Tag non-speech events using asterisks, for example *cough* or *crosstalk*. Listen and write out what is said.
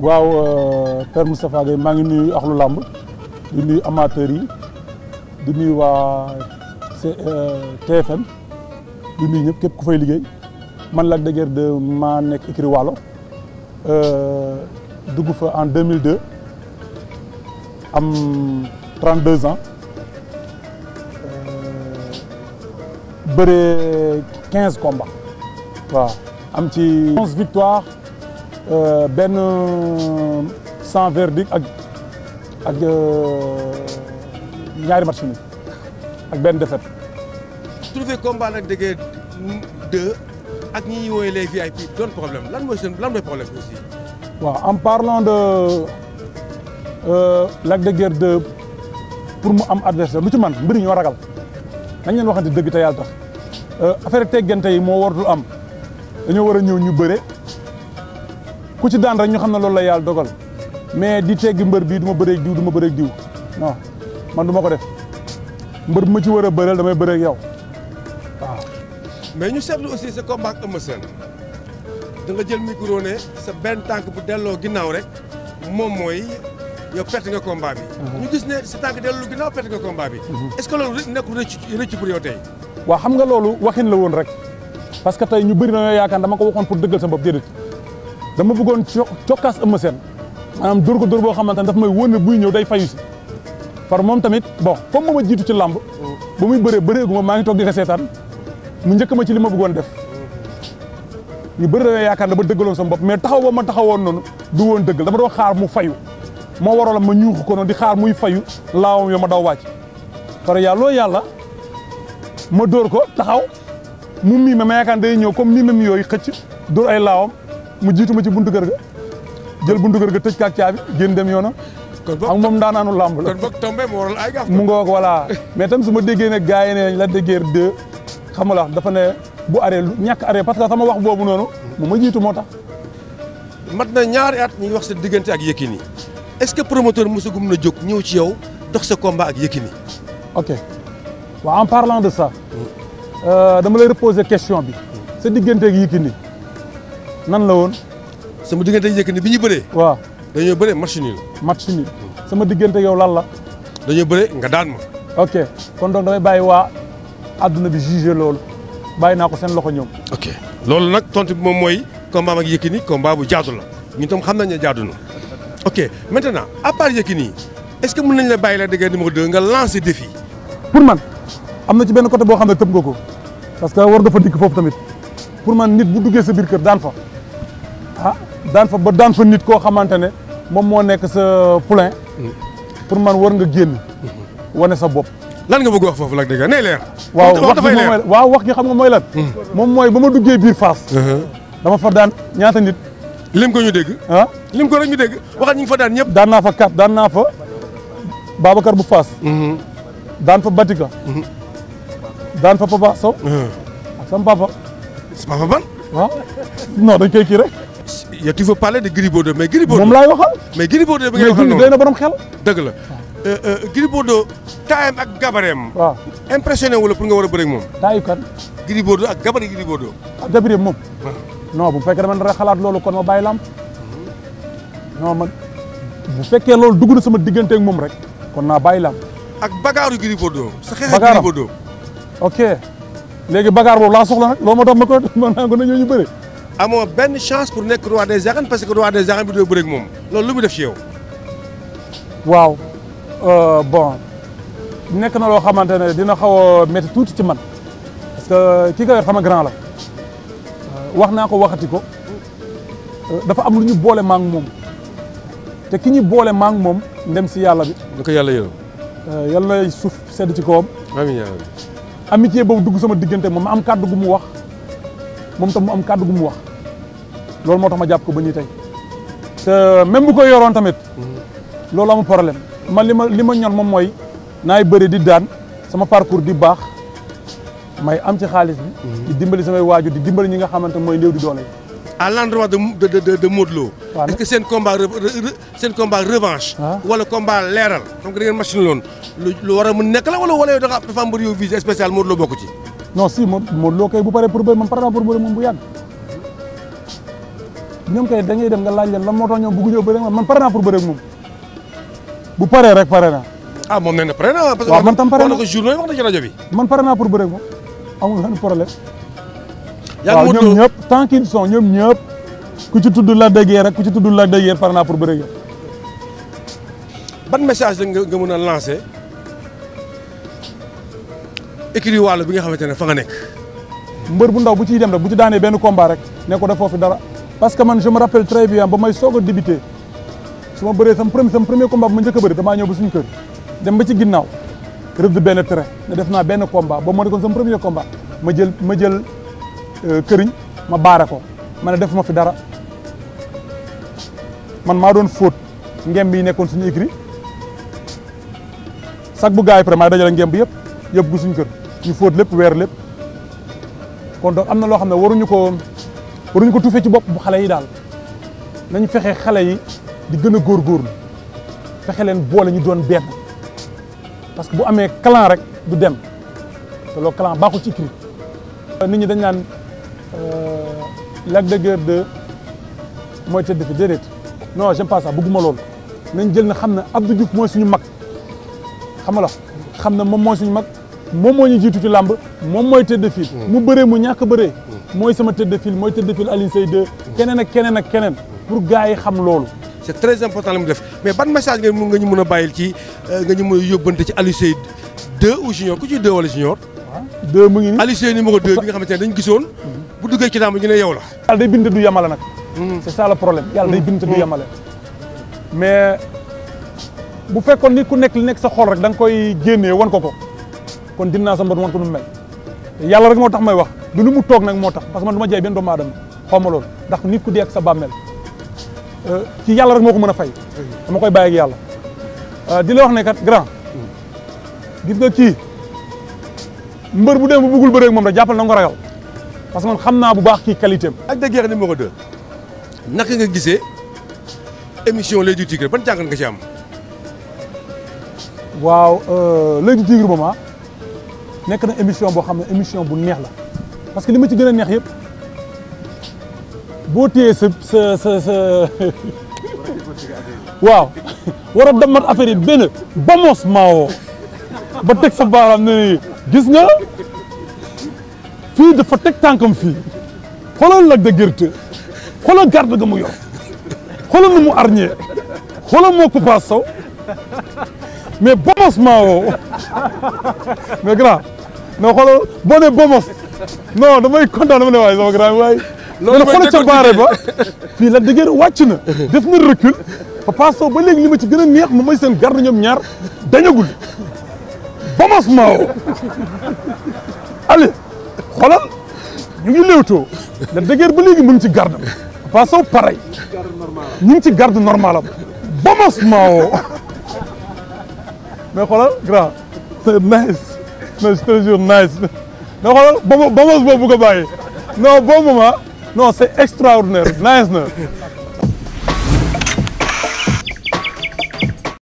waaw euh, Père Moustapha Gueye maa ngi nuyu axlu làmb di nuyu amateurs yi di nuyu waa euh, TFM di nuyu ñëpp képp ku fay liggéey man Lac de Guiers 2 maa nekk écurie Waalo euh, dugg fa en 2002 am 32 ans bëree 15 combats waaw am ci 11 victoires Euh, benn euh, sans verdict ak ak euh, ñaari match ni ak benn défaite. trouver combat nag déggee deux ak ñi ñuy woowee les VIP doon problème lan mooy seen lan mooy waaw en parlant de Lac de Guiers 2 pour mu am adversaire lu ci man mbir ñoo ragal nañ leen waxante dëgg te yàlla tax affaire teggante yi moo waratul am dañoo war a ñëw ñu bëre. ku ci daan rek ñu xam ne loolu la yàlla dogal mais di teggi mbër bii du ma bëreeg diw du ma bëreeg diw man du ma ko def mbër bu ma ci war a bëreel damay bëreeg yow waaw. mais ñu seetlu aussi sa combat ak Eumeu Sène da nga jël micro ne sa benn tànk bu delloo ginnaaw rek moom mooy yow perte nga combat bi. Mhm. ñu gis ne sa tànk dellu ginnaaw perte nga combat bi. Mhm. est loolu nekkul rëcc pour yow tey. waaw xam nga loolu waxin la woon rek parce que tey ñu bëri na ñoo dama ko waxoon pour dama bëggoon cokkaas am Sène maanaam dóor ko dóor boo xamante ne daf may wone buy ñëw day fayu si far moom tamit bon comme ma ma jiitu ci làmb ba muy bëree bëreegu ma maa ngi toog di ko seetaan mu njëkk ma ci li ma bëggoon def ñu bëri dañoo yaakaar ne ba dëggaloon sama bopp mais taxaw ba ma taxawoon noonu du woon dëgg dama doo xaar mu fayu moo waroon ma ñuuxu ko noonu di xaar muy fayu laawam yo ma daw wàcc far yàlla loolu yàlla ma dóor ko taxaw mu miime ma day ñëw comme miime mi yooyu xëcc dóor ay laawam mu jiitu ma ci buntu kër ga jël buntu kër ga tëj kaak caabi génn dem yoonam. kon boog xam moom daanaanu làmb la kon boog tombé mu mais tam su ma déggee ne gars yi ne la déggee deux xam nga dafa ne bu aree lu ñàkk aree parce que sama wax boobu noonu. mu ma jiitu moo tax. mat na ñaari at ñu ngi wax sa diggante ak Yékini est-ce que promoteur mosagum na jóg ñëw ci yow dox sa combat ak Yékini. ok waaw en parlant de ça. Euh, dama lay reposer question bi. sa diggante ak Yékini. nan la woon. sama diggante Yékini bi ñu bëree. waaw dañoo bëree match nul. match nul sama diggante yow lan la. dañoo bëree nga daan ma. ok kon donc damay bàyyi waa àdduna bi jugé loolu bàyyi naa ko seen loxo ñëw loolu nag tontu bi moom mooy combat ak Yékini combat bu jaadu la ñun tam xam nañ ne jaadu na ok maintenant à part Yékini est-ce que mën nañ la bàyyi la dëgg numéro 2 nga lancer défi. pour man am na ci benn côté boo xam ne tëb nga ko parce que war nga fa foofu tamit pour man nit bu duggee sa biir kër daan fa. ah daan fa ba daan fa nit koo xamante ne moom moo nekk sa poulain pour man war nga génn wane sa bopp lan nga bëgg wax foofu nag dëgg nay leer waaw wax gi waaw wax gi xam nga mooy lan hmm. moom mooy ba ma duggee biir Fass uh-huh. dama fa daan ñaata nit lim ko ñu dégg ah lim ko rek ñu dégg wax ñu ngi fa daan ñëpp daan naa fa kat daan naa fa Babacar bu Fass uh-huh. daan fa Batika uh-huh. daan fa Papa Sow ak sama papa sama papa ban waaw ah? non dañ koy kii rek yow tu veux parler de Gris Bordeaux mais Gris Bordeaux moom laay waxal. mais Gris Bordeaux bi ngay waxal loolu mais na euh, euh, ak gabareem. waaw impressionné wu nga war a bëri moom. taayu kan. Gris Bordeaux ak gabari Gris Bordeaux. ah gabareem moom. non bu fekkee dama nar xalaat loolu kon ma bàyyi lamb non man bu fekkee loolu dugg na sama diggante moom rek kon naa bàyyi lamb ak bagaaru Gris Bordeaux. sa xeex ak Gris Bordeaux. ok léegi bagaar boobu laa soxla nag loolu moo tax ma ko mën naa ko na ñooñu bëri. amoo benn chance pour nekk waa des arènes parce que roi des arènes bi doo bëreeg moom loolu lu mu def ci yow. waaw euh, nekk na loo xamante ne dina xaw a métti tuuti ci man parce que ki nga yor sama grand la euh, wax naa ko waxati ko euh, dafa am lu ñu boole maa ngi moom te ki ñu boole maa moom ndem si yàlla bi. na ko yàlla yërëm. yàlla suuf sedd ci kawam. amiin amitié boobu dugg sama diggante moom ma am kàddu gu mu wax moom tam mu am kàddu gu mu wax. loolu moo tax ma jàpp ko ba nii tey te même bu ko yoroon tamit loolu amul problème man li ma li ma ñoon moom mooy naay bëri di daan sama parcours di baax may am ci xaalis bi mhm. di dimbali samay waajur di dimbali ñi nga xamante mooy néew di doole à l'endroit de de de de Modou Lo. est-ce que seen combat la wala wala dafa am dafa si Modou Lo kay bu paree pour bëri man par rapport pour bëri moom bu yàgg. ñoom kay dañuy dem nga laaj leen lan moo tax ñoom bëgguñoo bëri man pare naa pour moom bu paree rek pare ah, moom nee na pare naa. waaw man tam pare naa parce que na ko journée wax na ci rajo bi. man pare naa pour bëri ak moom amul benn problème. yaa ngi ñoom ñëpp tant qu'ils sont ñoom ñëpp ku ci tudd la dëgër rek ku ci tudd la dëgër pare naa pour bëri ak ban message la nga mën a lancer écrit wàll bi nga xamante ne fa nga nekk. mbër bu ndaw bu ciy dem rek bu ci daanee benn combat rek ne ko foofu dara. parce que man je me rappelle très bien ba may soog a débuté su ma bëree sam premier sam premier combat bu ma njëkk a bëri damaa ñëw ba suñu kër dem ba ci ginnaaw rëdd benn trait ne def naa benn combat ba moo nekkoon sam premier combat ma jël ma jël euh, këriñ ma baare ko ma ne def ma fi dara man maa doon fóot ngem bi nekkoon suñu écrit sax bu gars yi pare maa dajale ngem bi yëpp yëpp gu suñ kër ñu fóot lépp weer lépp kon donc am na loo xam ne waruñu ko waruñu ko tuufee ci bopp bu xale yi daal nañ fexe xale yi di gën a góor góorgóorlu fexe leen boole ñu doon benn parce que bu amee clan rek du dem te loolu clan baaxul ci cri nit ñi dañ naan euh, Lac de Guiers 2 mooy tëdd fi déedéet non j'aime pas ça bëgguma lool nañ jël na xam ne Abdou Diouf mooy suñu mag xam nga xam ne moom mooy suñu mag moom mooy ñu jiitu ci làmb moom mooy tête de mm. mu bëree mu ñàkk bëree mm. mooy sama tête de file mooy tête de file Alioune Seye 2 mm. keneen ak keneen ak keneen pour gars yi xam loolu c'est très important la mu def mais ban message nga nga ñu mën a bàyyil ci euh, nga ñu mën yóbbante ci Alioune Seye 2 junior ku ci 2 wala junior deux mu ngi nii Alioune Seye numéro 2 bi nga xamante ne dañu gisoon mm-hmm. bu duggee ci ñu ne yow la yàlla day bind du yamale nag c'est ça le problème yàlla day bind du mais bu fekkoon nit ku nekk li nekk sa xol rek da nga koy génnee wan ko ko kon dinaa sa mbot woon ko yàlla rek moo tax may wax du lu mu toog nag moo tax parce man du ma jaay benn doomu aadama xaw ma loolu ndax nit ku dee ak sa bàmmeel euh, yàlla rek moo ko mën a fay dama koy bàyyi ak yàlla euh, di la wax ne kat grand gis nga kii mbër bu dem bu bëggul bëre moom rek jàppal na nga ragal parce que man xam naa bu baax kii qualité am ak moo ko numéro nax naka nga gisee émission L'Oeil du Tigre ban jàngat nga ci am waaw euh, L'Oeil du Tigre nekk na émission boo xam ne émission bu neex la parce que li ma gën a neex yëpp boo téyee sa sa *laughs* waaw war a damat affaire yi ba mos maawoo ba teg sa baaraam ne gis nga fii dafa teg tànkam fii xoolal Lac de Guiers xoolal garde ga mu yor xoolal nu mu arñee xoolal moo Papa Sow mais ba mos maawoo non xoolal boo nee Bomos non damay kontaan dama ne waaye sama grand waaye. loolu mooy xoolal ca baare ba fii la dëgër wàcc na def na recul Papa Sow ba léegi li ma ci gën a neex moom mooy seen garde ñoom ñaar dañagul Bomos Maodo allez xoolal ñu ngi léewtoo la dëgër ba léegi mu ci garde Papa Sow pareil ñu ngi ci garde normal am Bomos Maodo mais xoolal grand c'est mais c'est toujours nice da xoolal ba ba mos boobu ko bàyyi non boobu moment non c'est extraordinaire nice na.